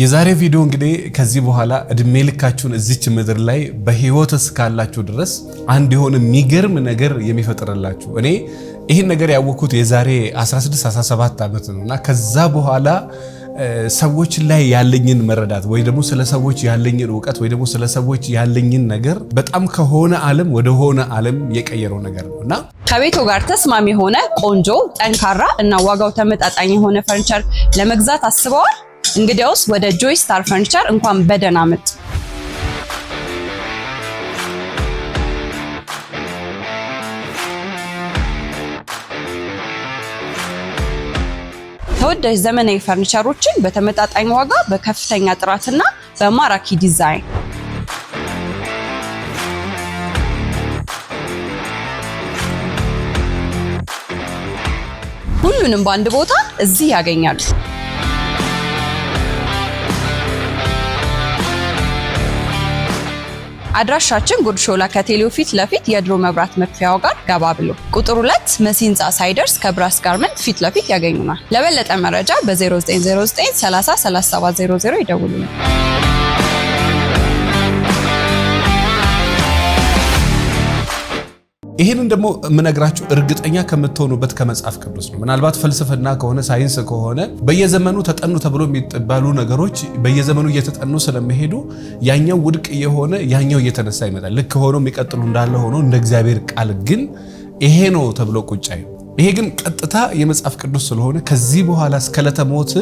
የዛሬ ቪዲዮ እንግዲህ ከዚህ በኋላ እድሜ ልካችሁን እዚች ምድር ላይ በህይወት እስካላችሁ ድረስ አንድ የሆነ የሚገርም ነገር የሚፈጥርላችሁ። እኔ ይህን ነገር ያወቅኩት የዛሬ 16 17 ዓመት ነው እና ከዛ በኋላ ሰዎች ላይ ያለኝን መረዳት ወይ ደግሞ ስለ ሰዎች ያለኝን እውቀት ወይ ደግሞ ስለ ሰዎች ያለኝን ነገር በጣም ከሆነ ዓለም ወደ ሆነ ዓለም የቀየረው ነገር ነው እና ከቤቱ ጋር ተስማሚ የሆነ ቆንጆ፣ ጠንካራ እና ዋጋው ተመጣጣኝ የሆነ ፈርኒቸር ለመግዛት አስበዋል? እንግዲያውስ ወደ ጆይ ስታር ፈርኒቸር እንኳን በደህና መጡ። ተወዳጅ ዘመናዊ ፈርኒቸሮችን በተመጣጣኝ ዋጋ በከፍተኛ ጥራትና በማራኪ ዲዛይን ሁሉንም በአንድ ቦታ እዚህ ያገኛሉ። አድራሻችን ጉድሾላ ከቴሌው ፊት ለፊት የድሮ መብራት መጥፊያው ጋር ገባ ብሎ ቁጥር ሁለት መሲ ህንፃ ሳይደርስ ከብራስ ጋርመንት ፊት ለፊት ያገኙናል። ለበለጠ መረጃ በ0909 30 3700 ይደውሉናል። ይህንን ደግሞ የምነግራችሁ እርግጠኛ ከምትሆኑበት ከመጽሐፍ ቅዱስ ነው። ምናልባት ፍልስፍና ከሆነ ሳይንስ ከሆነ በየዘመኑ ተጠኑ ተብሎ የሚባሉ ነገሮች በየዘመኑ እየተጠኑ ስለሚሄዱ ያኛው ውድቅ የሆነ ያኛው እየተነሳ ይመጣል። ልክ ሆኖ የሚቀጥሉ እንዳለ ሆኖ እንደ እግዚአብሔር ቃል ግን ይሄ ነው ተብሎ ቁጫይ ይሄ ግን ቀጥታ የመጽሐፍ ቅዱስ ስለሆነ ከዚህ በኋላ እስከለተ ሞት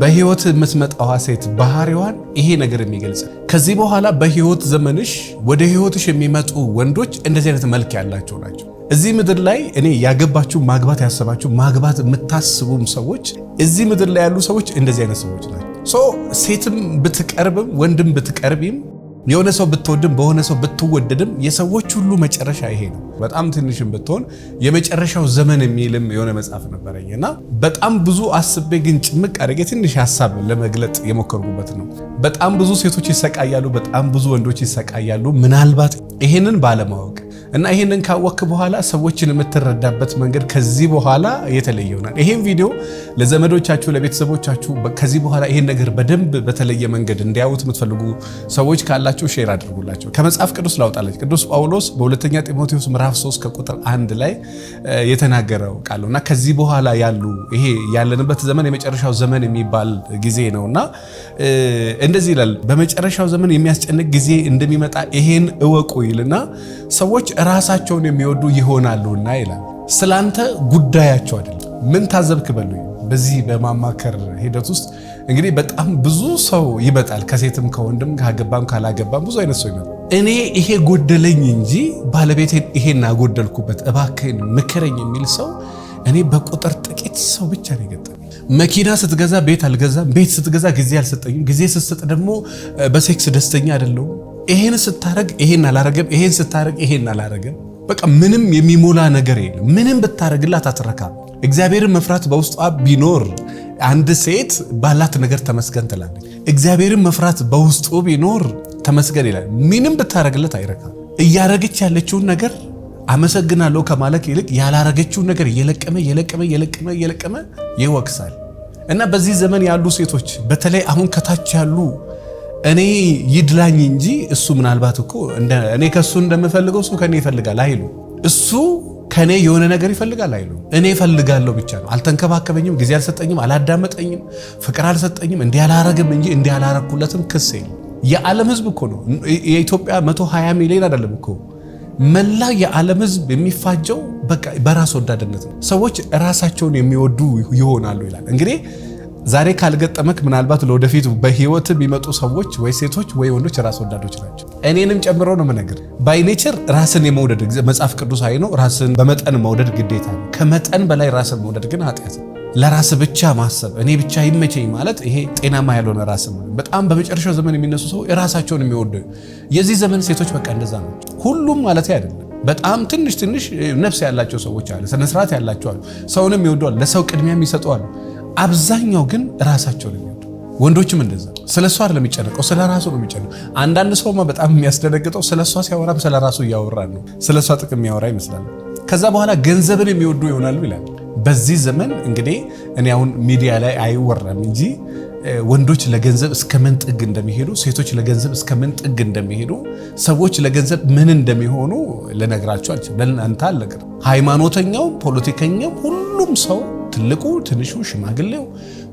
በህይወት የምትመጣዋ ሴት ባህሪዋን ይሄ ነገር የሚገልጽ ከዚህ በኋላ በህይወት ዘመንሽ ወደ ህይወትሽ የሚመጡ ወንዶች እንደዚህ አይነት መልክ ያላቸው ናቸው። እዚህ ምድር ላይ እኔ ያገባችሁ ማግባት ያሰባችሁ ማግባት የምታስቡም ሰዎች እዚህ ምድር ላይ ያሉ ሰዎች እንደዚህ አይነት ሰዎች ናቸው። ሴትም ብትቀርብም ወንድም ብትቀርቢም የሆነ ሰው ብትወድም በሆነ ሰው ብትወደድም የሰዎች ሁሉ መጨረሻ ይሄ ነው። በጣም ትንሽም ብትሆን የመጨረሻው ዘመን የሚልም የሆነ መጽሐፍ ነበረኝ እና በጣም ብዙ አስቤ ግን ጭምቅ አድርጌ ትንሽ ሀሳብ ለመግለጥ የሞከርኩበት ነው። በጣም ብዙ ሴቶች ይሰቃያሉ፣ በጣም ብዙ ወንዶች ይሰቃያሉ። ምናልባት ይሄንን ባለማወቅ እና ይሄንን ካወክ በኋላ ሰዎችን የምትረዳበት መንገድ ከዚህ በኋላ የተለየ ይሆናል። ይሄን ቪዲዮ ለዘመዶቻችሁ፣ ለቤተሰቦቻችሁ ከዚህ በኋላ ይሄን ነገር በደንብ በተለየ መንገድ እንዲያዩት የምትፈልጉ ሰዎች ካላችሁ ሼር አድርጉላቸው። ከመጽሐፍ ቅዱስ ላውጣለች። ቅዱስ ጳውሎስ በሁለተኛ ጢሞቴዎስ ምዕራፍ 3 ከቁጥር አንድ ላይ የተናገረው ቃል ነው እና ከዚህ በኋላ ያሉ ይሄ ያለንበት ዘመን የመጨረሻው ዘመን የሚባል ጊዜ ነው እና እንደዚህ ይላል በመጨረሻው ዘመን የሚያስጨንቅ ጊዜ እንደሚመጣ ይሄን እወቁ ይልና ሰዎች ራሳቸውን የሚወዱ ይሆናሉና ይላል። ስላንተ ጉዳያቸው አይደለም። ምን ታዘብክ በሉ። በዚህ በማማከር ሂደት ውስጥ እንግዲህ በጣም ብዙ ሰው ይመጣል። ከሴትም ከወንድም ካገባም ካላገባም ብዙ አይነት ሰው ይመጣል። እኔ ይሄ ጎደለኝ እንጂ ባለቤቴ ይሄን አጎደልኩበት እባክህን ምክረኝ የሚል ሰው እኔ በቁጥር ጥቂት ሰው ብቻ ነው የገጠመኝ። መኪና ስትገዛ ቤት አልገዛም፣ ቤት ስትገዛ ጊዜ አልሰጠኝም፣ ጊዜ ስትሰጥ ደግሞ በሴክስ ደስተኛ አይደለሁም ይሄን ስታረግ ይሄን አላረገም፣ ይሄን ስታረግ ይሄን አላረገም። በቃ ምንም የሚሞላ ነገር የለም። ምንም ብታረግላት አትረካ። እግዚአብሔርን መፍራት በውስጧ ቢኖር አንድ ሴት ባላት ነገር ተመስገን ትላለች። እግዚአብሔርን መፍራት በውስጡ ቢኖር ተመስገን ይላል። ምንም ብታረግለት አይረካ። እያረገች ያለችውን ነገር አመሰግናለሁ ከማለት ይልቅ ያላረገችውን ነገር እየለቀመ እየለቀመ እየለቀመ እየለቀመ ይወቅሳል። እና በዚህ ዘመን ያሉ ሴቶች በተለይ አሁን ከታች ያሉ እኔ ይድላኝ እንጂ እሱ ምናልባት እኮ እኔ ከእሱ እንደምፈልገው እሱ ከእኔ ይፈልጋል አይሉ እሱ ከእኔ የሆነ ነገር ይፈልጋል አይሉ እኔ ይፈልጋለሁ ብቻ ነው። አልተንከባከበኝም፣ ጊዜ አልሰጠኝም፣ አላዳመጠኝም፣ ፍቅር አልሰጠኝም፣ እንዲህ አላረግም እንጂ እንዲህ አላረግኩለትም ክስ የዓለም ህዝብ እኮ ነው። የኢትዮጵያ 120 ሚሊዮን አይደለም እኮ መላ የዓለም ህዝብ የሚፋጀው በራስ ወዳድነት ነው። ሰዎች ራሳቸውን የሚወዱ ይሆናሉ ይላል እንግዲህ ዛሬ ካልገጠመክ ምናልባት ለወደፊቱ በህይወት የሚመጡ ሰዎች ወይ ሴቶች ወይ ወንዶች ራስ ወዳዶች ናቸው። እኔንም ጨምሮ ነው ምነግር። ባይ ኔቸር ራስን የመውደድ መጽሐፍ ቅዱሳዊ ነው። ራስን በመጠን መውደድ ግዴታ ነው። ከመጠን በላይ ራስን መውደድ ግን ኃጢአት ለራስ ብቻ ማሰብ እኔ ብቻ ይመቸኝ ማለት ይሄ ጤናማ ያልሆነ ራስ በጣም በመጨረሻው ዘመን የሚነሱ ሰው የራሳቸውን የሚወደ የዚህ ዘመን ሴቶች በቃ እንደዛ ነው። ሁሉም ማለት አይደለም። በጣም ትንሽ ትንሽ ነፍስ ያላቸው ሰዎች አለ፣ ስነስርዓት ያላቸው አሉ፣ ሰውንም ይወደዋል፣ ለሰው ቅድሚያም ይሰጠዋል። አብዛኛው ግን ራሳቸው ነው የሚወዱ። ወንዶችም እንደዛ ስለ እሷ አይደለም የሚጨነቀው፣ ስለ ራሱ ነው የሚጨነቀው። አንዳንድ ሰውማ በጣም የሚያስደነግጠው ስለ እሷ ሲያወራም ስለ ራሱ እያወራ ነው፣ ስለ እሷ ጥቅም የሚያወራ ይመስላል። ከዛ በኋላ ገንዘብን የሚወዱ ይሆናሉ ይላል። በዚህ ዘመን እንግዲህ እኔ አሁን ሚዲያ ላይ አይወራም እንጂ ወንዶች ለገንዘብ እስከ ምን ጥግ እንደሚሄዱ፣ ሴቶች ለገንዘብ እስከ ምን ጥግ እንደሚሄዱ፣ ሰዎች ለገንዘብ ምን እንደሚሆኑ ልነግራቸው አልችልም። ለእናንተ አልነግርም። ሃይማኖተኛውም ፖለቲከኛውም ሁሉም ሰው ትልቁ፣ ትንሹ፣ ሽማግሌው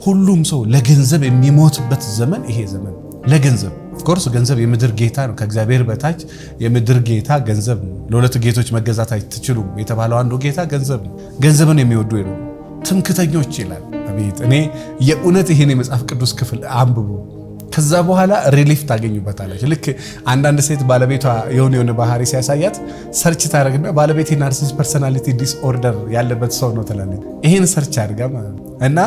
ሁሉም ሰው ለገንዘብ የሚሞትበት ዘመን ይሄ ዘመን ለገንዘብ ኦፍኮርስ ገንዘብ የምድር ጌታ ነው። ከእግዚአብሔር በታች የምድር ጌታ ገንዘብ ነው። ለሁለት ጌቶች መገዛት አትችሉም የተባለው አንዱ ጌታ ገንዘብ ነው። ገንዘብን የሚወዱ ትምክተኞች ይላል። አቤት! እኔ የእውነት ይህን የመጽሐፍ ቅዱስ ክፍል አንብቡ። ከዛ በኋላ ሪሊፍ ታገኙበታለች። ልክ አንዳንድ ሴት ባለቤቷ የሆነ የሆነ ባህሪ ሲያሳያት ሰርች ታደርግና ባለቤቴ ናርሲስ ፐርሶናሊቲ ዲስኦርደር ያለበት ሰው ነው ትላለች። ይህን ሰርች አድርጋ ማለት ነው እና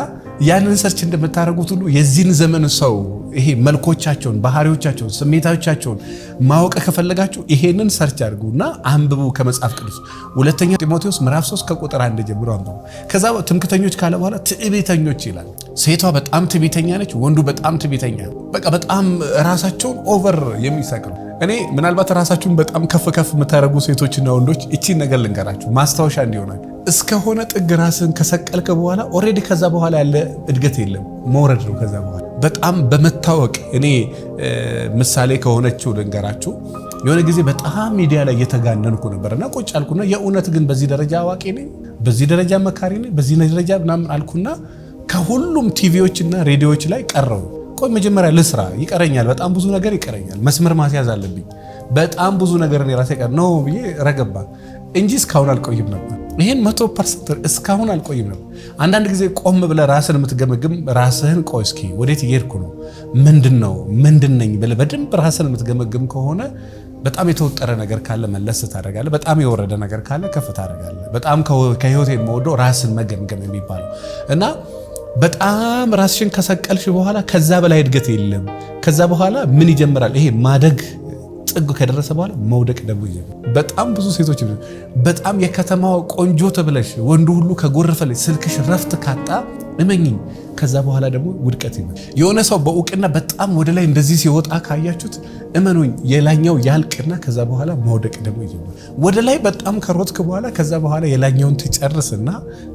ያንን ሰርች እንደምታደርጉት ሁሉ የዚህን ዘመን ሰው ይሄ መልኮቻቸውን፣ ባህሪዎቻቸውን፣ ስሜታዎቻቸውን ማወቅ ከፈለጋችሁ ይሄንን ሰርች አድርጉ እና አንብቡ ከመጽሐፍ ቅዱስ ሁለተኛ ጢሞቴዎስ ምዕራፍ 3 ከቁጥር አንድ ጀምሮ አንብቡ። ከዛ ትምክተኞች ካለ በኋላ ትዕቢተኞች ይላል። ሴቷ በጣም ትቢተኛ ነች፣ ወንዱ በጣም ትቢተኛ በቃ በጣም ራሳቸውን ኦቨር የሚሰቅሉ እኔ ምናልባት ራሳችሁን በጣም ከፍ ከፍ የምታደርጉ ሴቶችና ወንዶች እቺን ነገር ልንገራችሁ ማስታወሻ እንዲሆናል። እስከሆነ ጥግ ራስን ከሰቀልክ በኋላ ኦልሬዲ ከዛ በኋላ ያለ እድገት የለም፣ መውረድ ነው። ከዛ በኋላ በጣም በመታወቅ እኔ ምሳሌ ከሆነችው ልንገራችሁ። የሆነ ጊዜ በጣም ሚዲያ ላይ እየተጋነንኩ ነበር እና ቁጭ አልኩና የእውነት ግን በዚህ ደረጃ አዋቂ ነኝ፣ በዚህ ደረጃ መካሪ ነኝ፣ በዚህ ደረጃ ምናምን አልኩና ከሁሉም ቲቪዎች እና ሬዲዮዎች ላይ ቀረው። ቆይ መጀመሪያ ልስራ፣ ይቀረኛል፣ በጣም ብዙ ነገር ይቀረኛል፣ መስመር ማስያዝ አለብኝ፣ በጣም ብዙ ነገር እኔ ራሴ ቀር ነው ብዬ ረገባ እንጂ እስካሁን አልቆይም ነበር። ይህን መቶ ፐርሰንት እስካሁን አልቆይም ነበር። አንዳንድ ጊዜ ቆም ብለህ ራስን የምትገመግም ራስህን፣ ቆይ እስኪ ወዴት እየሄድኩ ነው? ምንድን ነው ምንድን ነኝ ብለህ በደንብ ራስን የምትገመግም ከሆነ በጣም የተወጠረ ነገር ካለ መለስ ታደርጋለህ። በጣም የወረደ ነገር ካለ ከፍ ታደርጋለህ። በጣም ከህይወት የምወደው ራስን መገምገም የሚባለው እና በጣም ራስሽን ከሰቀልሽ በኋላ ከዛ በላይ እድገት የለም። ከዛ በኋላ ምን ይጀምራል? ይሄ ማደግ ጥግ ከደረሰ በኋላ መውደቅ ደግሞ በጣም ብዙ ሴቶች በጣም የከተማዋ ቆንጆ ተብለሽ ወንዱ ሁሉ ከጎረፈልሽ ስልክሽ ረፍት ካጣ እመኝኝ ከዛ በኋላ ደግሞ ውድቀት ይሆናል። የሆነ ሰው በእውቅና በጣም ወደ ላይ እንደዚህ ሲወጣ ካያችሁት እመኑኝ የላኛው ያልቅና ከዛ በኋላ መውደቅ ደግሞ ይጀምራል። ወደ ላይ በጣም ከሮጥክ በኋላ ከዛ በኋላ የላኛውን ትጨርስና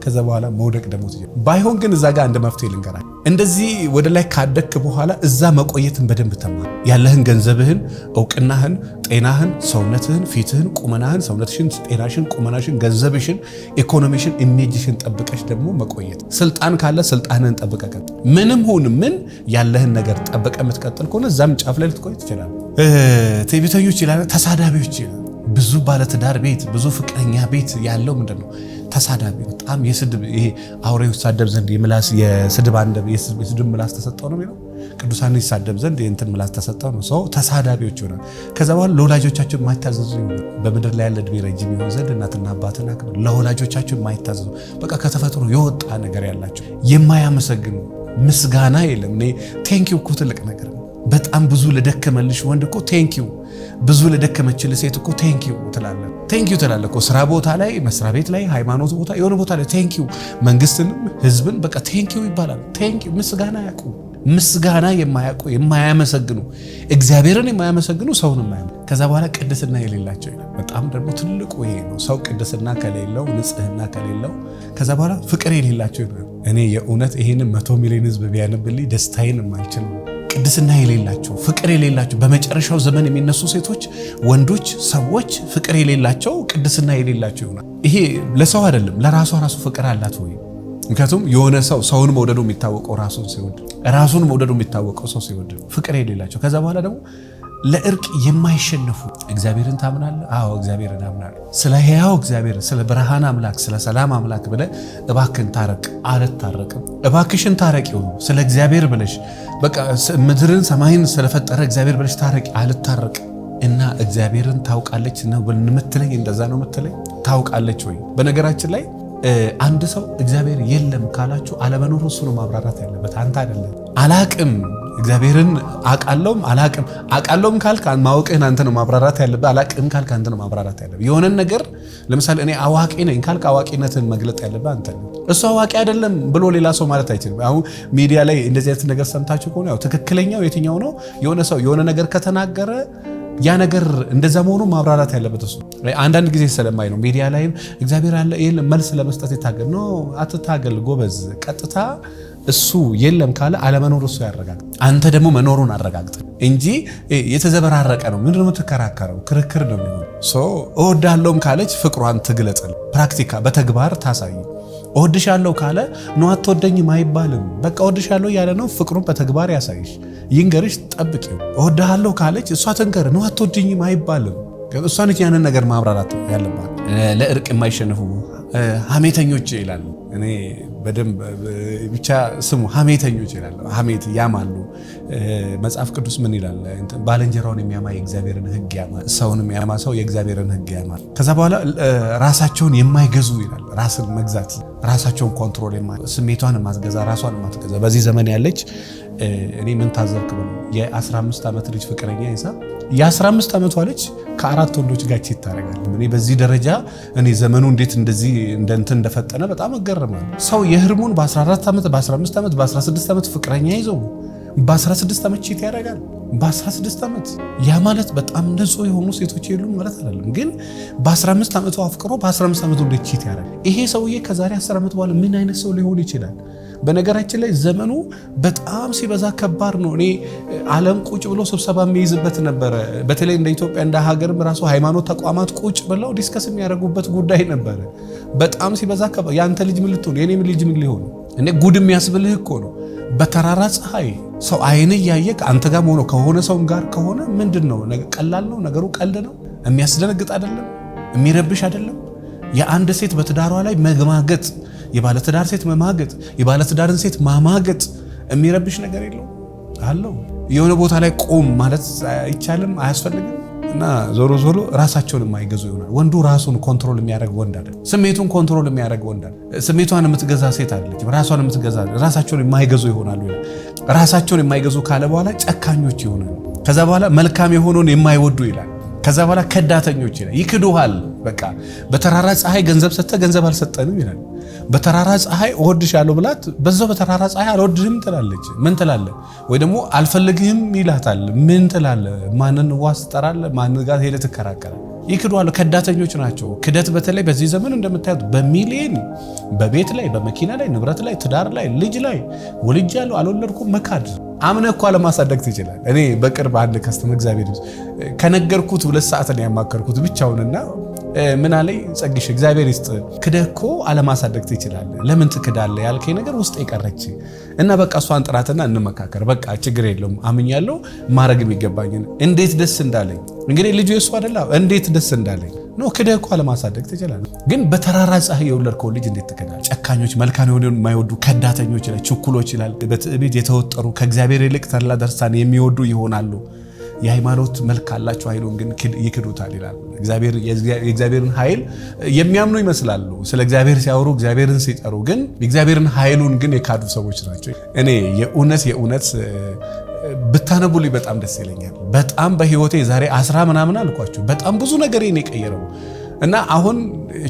ከዛ በኋላ መውደቅ ደግሞ ትጀምራል። ባይሆን ግን እዛ ጋር እንደ መፍትሄ ልንገራል። እንደዚህ ወደ ላይ ካደግክ በኋላ እዛ መቆየትን በደንብ ተማር። ያለህን ገንዘብህን፣ እውቅናህን፣ ጤናህን፣ ሰውነትህን፣ ፊትህን፣ ቁመናህን፣ ሰውነትሽን፣ ጤናሽን፣ ቁመናሽን፣ ገንዘብሽን፣ ኢኮኖሚሽን፣ ኢሜጅሽን ጠብቀሽ ደግሞ መቆየት ስልጣን ካለ ስልጣንህን ጠብቀህ ቀጥል። ምንም ሁን ምን ያለህን ነገር ጠብቀህ የምትቀጥል ከሆነ እዛም ጫፍ ላይ ልትቆይ ትችላል። ትዕቢተኞች ይላል፣ ተሳዳቢዎች ይላል። ብዙ ባለትዳር ቤት፣ ብዙ ፍቅረኛ ቤት ያለው ምንድን ነው? ተሳዳቢ በጣም የስድብ ይሄ አውሬ ሳደብ ዘንድ የስድብ ምላስ ተሰጠው ነው የሚለው ቅዱሳን ይሳደብ ዘንድ ይህንትን ምላስ ተሰጠው። ነው። ሰው ተሳዳቢዎች ይሆናል። ከዛ በኋላ ለወላጆቻቸው የማይታዘዙ በምድር ላይ ያለ ዕድሜ ረጅም ይሆን ዘንድ እናትና አባትን አክብር። ለወላጆቻቸው የማይታዘዙ በቃ ከተፈጥሮ የወጣ ነገር ያላቸው የማያመሰግኑ ምስጋና የለም። እኔ ቴንኪው እኮ ትልቅ ነገር ነው። በጣም ብዙ ለደከመልሽ ወንድ እኮ ቴንኪው፣ ብዙ ለደከመችል ሴት እኮ ቴንኪው ትላለ ቴንኪው ትላለ እኮ ስራ ቦታ ላይ መስሪያ ቤት ላይ ሃይማኖት ቦታ የሆነ ቦታ ላይ ቴንኪው፣ መንግስትንም ህዝብን በቃ ቴንኪው ይባላል። ቴንኪው ምስጋና ያቁም። ምስጋና የማያውቁ የማያመሰግኑ እግዚአብሔርን የማያመሰግኑ ሰውን የማያ ከዛ በኋላ ቅድስና የሌላቸው ይላል። በጣም ደግሞ ትልቁ ይሄ ነው። ሰው ቅድስና ከሌለው ንጽህና ከሌለው ከዛ በኋላ ፍቅር የሌላቸው ይላል። እኔ የእውነት ይህን መቶ ሚሊዮን ህዝብ ቢያነብልኝ ደስታዬን የማልችል ቅድስና የሌላቸው ፍቅር የሌላቸው በመጨረሻው ዘመን የሚነሱ ሴቶች፣ ወንዶች፣ ሰዎች ፍቅር የሌላቸው ቅድስና የሌላቸው ይሆናል። ይሄ ለሰው አይደለም፣ ለራሷ ራሱ ፍቅር አላት ወይ ምክንያቱም የሆነ ሰው ሰውን መውደዱ የሚታወቀው ራሱን ሲወድ፣ ራሱን መውደዱ የሚታወቀው ሰው ሲወድ፣ ፍቅር የሌላቸው ከዛ በኋላ ደግሞ ለእርቅ የማይሸነፉ እግዚአብሔርን ታምናለ አዎ እግዚአብሔርን አምናለሁ። ስለ ሕያው እግዚአብሔር፣ ስለ ብርሃን አምላክ፣ ስለ ሰላም አምላክ ብለ እባክን ታረቅ። አልታረቅም። እባክሽን ታረቂ። ስለ እግዚአብሔር ብለሽ በቃ ምድርን ሰማይን ስለፈጠረ እግዚአብሔር ብለሽ ታረቂ። አልታረቅም እና እግዚአብሔርን ታውቃለች ነው የምትለኝ? እንደዛ ነው የምትለኝ? ታውቃለች ወይ? በነገራችን ላይ አንድ ሰው እግዚአብሔር የለም ካላችሁ አለመኖሩ እሱ ነው ማብራራት ያለበት፣ አንተ አይደለም። አላቅም እግዚአብሔርን አቃለውም አላቅም አቃለውም ካልክ ማወቅህን አንተ ነው ማብራራት ያለብህ። አላቅም ካልክ አንተ ነው ማብራራት ያለብህ። የሆነን ነገር ለምሳሌ እኔ አዋቂ ነኝ ካልክ አዋቂነትን መግለጥ ያለብህ አንተ ነው። እሱ አዋቂ አይደለም ብሎ ሌላ ሰው ማለት አይችልም። አሁን ሚዲያ ላይ እንደዚህ አይነት ነገር ሰምታችሁ ከሆነ ያው ትክክለኛው የትኛው ነው? የሆነ ሰው የሆነ ነገር ከተናገረ ያ ነገር እንደዛ መሆኑ ማብራራት ያለበት እሱ አንዳንድ ጊዜ ስለማይ ነው። ሚዲያ ላይም እግዚአብሔር አለ የለም መልስ ለመስጠት የታገል ነው። አትታገል ጎበዝ፣ ቀጥታ እሱ የለም ካለ አለመኖር እሱ ያረጋግጥ፣ አንተ ደግሞ መኖሩን አረጋግጥ እንጂ የተዘበራረቀ ነው። ምንድን ነው የምትከራከረው? ክርክር ነው የሚሆን። እወዳለሁም ካለች ፍቅሯን ትግለጽል። ፕራክቲካ በተግባር ታሳይ። እወድሻለሁ ካለ ነው አትወደኝም አይባልም። በቃ እወድሻለሁ እያለ ነው። ፍቅሩን በተግባር ያሳይሽ፣ ይንገርሽ፣ ጠብቂው። እወድሃለሁ ካለች እሷ ትንገር፣ ነው አትወደኝም አይባልም። እሷ ነች ያንን ነገር ማብራራት ያለባት። ለእርቅ የማይሸንፉ ሀሜተኞች ይላሉ እኔ በደንብ ብቻ ስሙ ሀሜተኞች ይላል። ሀሜት ያማሉ። መጽሐፍ ቅዱስ ምን ይላል? ባልንጀራውን የሚያማ የእግዚአብሔርን ሕግ ያማል፣ ሰውን የሚያማ ሰው የእግዚአብሔርን ሕግ ያማል። ከዛ በኋላ ራሳቸውን የማይገዙ ይላል። ራስን መግዛት፣ ራሳቸውን ኮንትሮል፣ ስሜቷን ማስገዛ፣ ራሷን ማስገዛ። በዚህ ዘመን ያለች እኔ ምን ታዘብክ ብሎ የ15 ዓመት ልጅ ፍቅረኛ ይዛ የ15 ዓመቷ ልጅ ከአራት ወንዶች ጋር ቺት ታደርጋለህ። እኔ በዚህ ደረጃ እኔ ዘመኑ እንዴት እንደዚህ እንደንትን እንደፈጠነ በጣም እገረማለሁ። ሰው የህርሙን በ14 ዓመት በ15 ዓመት በ16 ዓመት ፍቅረኛ ይዘው በ16 ዓመት ቼት ያደርጋል። በ16 ዓመት ያ ማለት በጣም ንጹህ የሆኑ ሴቶች የሉም ማለት አይደለም። ግን በ15 ዓመቱ አፍቅሮ በ15 ዓመቱ ቺት ያደርጋል። ይሄ ሰውዬ ከዛሬ 10 ዓመት በኋላ ምን አይነት ሰው ሊሆን ይችላል? በነገራችን ላይ ዘመኑ በጣም ሲበዛ ከባድ ነው። እኔ ዓለም ቁጭ ብሎ ስብሰባ የሚይዝበት ነበረ። በተለይ እንደ ኢትዮጵያ እንደ ሀገርም ራሱ ሃይማኖት ተቋማት ቁጭ ብለው ዲስከስ የሚያደርጉበት ጉዳይ ነበረ። በጣም ሲበዛ ከባድ። የአንተ ልጅ ምን ልትሆን፣ ልጅ ምን ሊሆን፣ እኔ ጉድ የሚያስብልህ እኮ ነው በተራራ ፀሐይ ሰው አይን እያየ አንተ ጋር ሆኖ ከሆነ ሰውም ጋር ከሆነ ምንድን ነው? ቀላል ነው ነገሩ? ቀልድ ነው? የሚያስደነግጥ አይደለም፣ የሚረብሽ አይደለም። የአንድ ሴት በትዳሯ ላይ መማገጥ፣ የባለትዳር ሴት መማገጥ፣ የባለትዳርን ሴት ማማገጥ የሚረብሽ ነገር የለው አለው። የሆነ ቦታ ላይ ቆም ማለት አይቻልም፣ አያስፈልግም። እና ዞሮ ዞሮ ራሳቸውን የማይገዙ ይሆናል። ወንዱ ራሱን ኮንትሮል የሚያደርግ ወንድ አለ። ስሜቱን ኮንትሮል የሚያደርግ ወንድ አለ። ስሜቷን የምትገዛ ሴት አለች። ራሷን የምትገዛ ራሳቸውን የማይገዙ ይሆናሉ። ራሳቸውን የማይገዙ ካለ በኋላ ጨካኞች ይሆናሉ። ከዛ በኋላ መልካም የሆነውን የማይወዱ ይላል። ከዛ በኋላ ከዳተኞች ይላል ይክዱሃል። በቃ በተራራ ፀሐይ ገንዘብ ሰጥተህ ገንዘብ አልሰጠንም ይላል። በተራራ ፀሐይ እወድሻለሁ ብላት በዛው በተራራ ፀሐይ አልወድህም ትላለች። ምን ትላለ? ወይ ደግሞ አልፈልግህም ይላታል። ምን ትላለ? ማንን ዋስ ትጠራለ? ማን ጋር ሄደህ ትከራከራል? ይክዱሃል። ከዳተኞች ናቸው። ክደት በተለይ በዚህ ዘመን እንደምታዩት በሚሊየን በቤት ላይ በመኪና ላይ ንብረት ላይ ትዳር ላይ ልጅ ላይ ወልጃለሁ አልወለድኩም መካድ አምነ እኳ ለማሳደግ ትችላል። እኔ በቅርብ አንድ ከስተመ እግዚአብሔር ከነገርኩት ሁለት ሰዓት ነው ያማከርኩት ብቻውንና ምን አለኝ ጸግሽ እግዚአብሔር ይስጥ ክደህ እኮ አለማሳደግ ትችላለህ። ለምን ትክዳለህ ያልከኝ ነገር ውስጥ የቀረች እና በቃ እሷን ጥራትና እንመካከር። በቃ ችግር የለውም አምኛለሁ። ማድረግ የሚገባኝ እንዴት ደስ እንዳለኝ እንግዲህ ልጁ የሱ አደላ እንዴት ደስ እንዳለኝ ኖ ክደህ እኮ አለማሳደግ ትችላለህ። ግን በተራራ ፀሐይ የወለድከው ልጅ እንዴት ትከዳለህ? ጨካኞች፣ መልካም የሆነ የማይወዱ ከዳተኞች ላይ ችኩሎች ይላል፣ በትዕቢት የተወጠሩ ከእግዚአብሔር ይልቅ ተላ ደርሳን የሚወዱ ይሆናሉ። የሃይማኖት መልክ አላቸው፣ ኃይሉን ግን ይክዱታል ይላል። የእግዚአብሔርን ኃይል የሚያምኑ ይመስላሉ። ስለ እግዚአብሔር ሲያወሩ እግዚአብሔርን ሲጠሩ ግን የእግዚአብሔርን ኃይሉን ግን የካዱ ሰዎች ናቸው። እኔ የእውነት የእውነት ብታነቡልኝ በጣም ደስ ይለኛል። በጣም በህይወቴ ዛሬ አስራ ምናምን አልኳችሁ በጣም ብዙ ነገር ኔ የቀየረው እና አሁን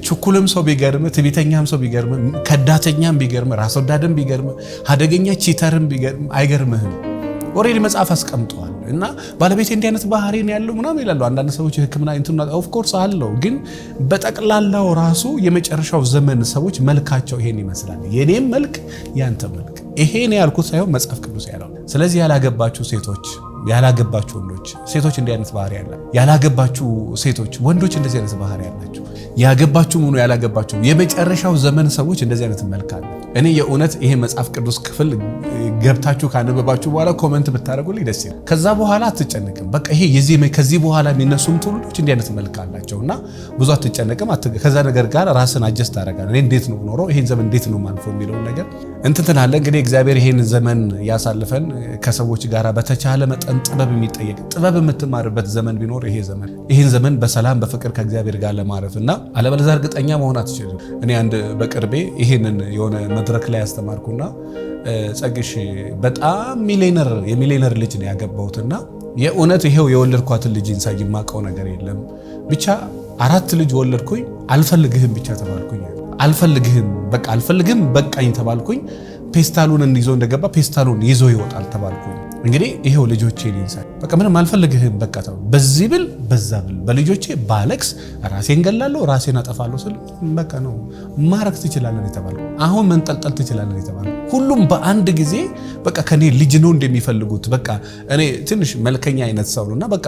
ችኩልም ሰው ቢገርም፣ ትቢተኛም ሰው ቢገርም፣ ከዳተኛም ቢገርም፣ ራስ ወዳድም ቢገርም፣ አደገኛ ቺተርም ቢገርም አይገርምህም። ኦልሬዲ መጽሐፍ አስቀምጠዋል እና ባለቤቴ እንዲህ አይነት ባህሪ ነው ያለው ምናምን ይላሉ አንዳንድ ሰዎች። ህክምና እንትና ኦፍኮርስ አለው፣ ግን በጠቅላላው ራሱ የመጨረሻው ዘመን ሰዎች መልካቸው ይሄን ይመስላል። የኔም መልክ ያንተ መልክ ይሄ ነው ያልኩት ሳይሆን መጽሐፍ ቅዱስ ያለው። ስለዚህ ያላገባችሁ ሴቶች ያላገባችሁ ወንዶች፣ ሴቶች እንዲህ አይነት ባህሪ ያለ ያላገባችሁ ሴቶች፣ ወንዶች እንደዚህ አይነት ባህሪ ያላችሁ፣ ያገባችሁም ሆኖ ያላገባችሁ የመጨረሻው ዘመን ሰዎች እንደዚህ አይነት መልክ አለ። እኔ የእውነት ይሄ መጽሐፍ ቅዱስ ክፍል ገብታችሁ ካነበባችሁ በኋላ ኮመንት ብታደርጉልኝ ደስ ይላል። ከዛ በኋላ አትጨነቅም። በቃ ይሄ የዚህ ከዚህ በኋላ የሚነሱም ትውልዶች እንዲህ አይነት መልክ አላቸው እና ብዙ አትጨነቅም። ከዛ ነገር ጋር ራስን አጀስት ታደርጋለህ። እኔ እንዴት ነው ኖረው ይሄን ዘመን እንዴት ነው ማልፎ የሚለውን ነገር እንትንትናለ። እንግዲህ እግዚአብሔር ይሄን ዘመን ያሳልፈን ከሰዎች ጋር በተቻለ መጠን መጠን ጥበብ የሚጠየቅ ጥበብ የምትማርበት ዘመን ቢኖር ይሄ ዘመን ይህን ዘመን በሰላም በፍቅር ከእግዚአብሔር ጋር ለማረፍ እና አለበለዚያ እርግጠኛ መሆን አትችልም። እኔ አንድ በቅርቤ ይህንን የሆነ መድረክ ላይ ያስተማርኩና ጸግሽ በጣም ሚሊነር የሚሊነር ልጅ ነው ያገባሁትና የእውነት ይሄው የወለድኳትን ልጅ ንሳ የማውቀው ነገር የለም ብቻ አራት ልጅ ወለድኩኝ። አልፈልግህም ብቻ ተባልኩኝ። አልፈልግህም በቃ አልፈልግህም በቃኝ ተባልኩኝ። ፔስታሉን እንዲዞ እንደገባ ፔስታሉን ይዞ ይወጣል ተባልኩኝ። እንግዲህ ይሄው ልጆቼ ሊንሳ በቃ ምንም አልፈልግህም፣ በቃ ተው። በዚህ ብል በዛ ብል በልጆቼ ባለቅስ ራሴን ገላለሁ፣ ራሴን አጠፋለሁ ስል በቃ ነው። ማረግ ትችላለን የተባለ አሁን መንጠልጠል ትችላለን የተባለ ሁሉም በአንድ ጊዜ በቃ ከኔ ልጅ ነው እንደሚፈልጉት። በቃ እኔ ትንሽ መልከኛ አይነት ሰው ነውና በቃ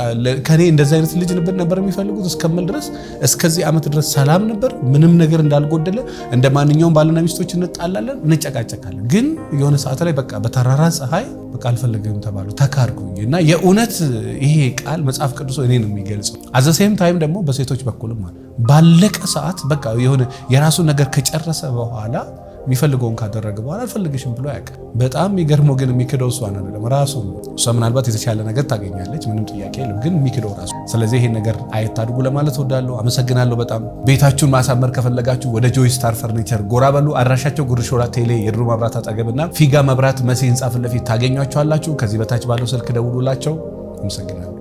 ከኔ እንደዚህ አይነት ልጅ ነበር የሚፈልጉት እስከምል ድረስ እስከዚህ ዓመት ድረስ ሰላም ነበር፣ ምንም ነገር እንዳልጎደለ እንደ ማንኛውም ባልና ሚስቶች እንጣላለን፣ እንጨቃጨቃለን። ግን የሆነ ሰዓት ላይ በቃ በተራራ ፀሐይ በቃ አልፈለገም ተባሉ ተካድኩኝ። እና የእውነት ይሄ ቃል መጽሐፍ ቅዱስ እኔ ነው የሚገልጸው። አዘሴም ታይም ደግሞ በሴቶች በኩልም ባለቀ ሰዓት በቃ የሆነ የራሱን ነገር ከጨረሰ በኋላ የሚፈልገውን ካደረገ በኋላ አልፈልግሽም ብሎ ያውቅ። በጣም የሚገርመው ግን የሚክደው እሷን አይደለም ራሱ። እሷ ምናልባት የተሻለ ነገር ታገኛለች፣ ምንም ጥያቄ የለም፣ ግን የሚክደው ራሱ። ስለዚህ ይሄን ነገር አየታድጉ ለማለት እወዳለሁ። አመሰግናለሁ በጣም። ቤታችሁን ማሳመር ከፈለጋችሁ ወደ ጆይ ስታር ፈርኒቸር ጎራ በሉ። አድራሻቸው ጉርድ ሾላ ቴሌ የድሮ መብራት አጠገብና ፊጋ መብራት መሴ ህንጻ ፊት ለፊት ታገኟቸዋላችሁ። ከዚህ በታች ባለው ስልክ ደውሉላቸው። አመሰግናለሁ።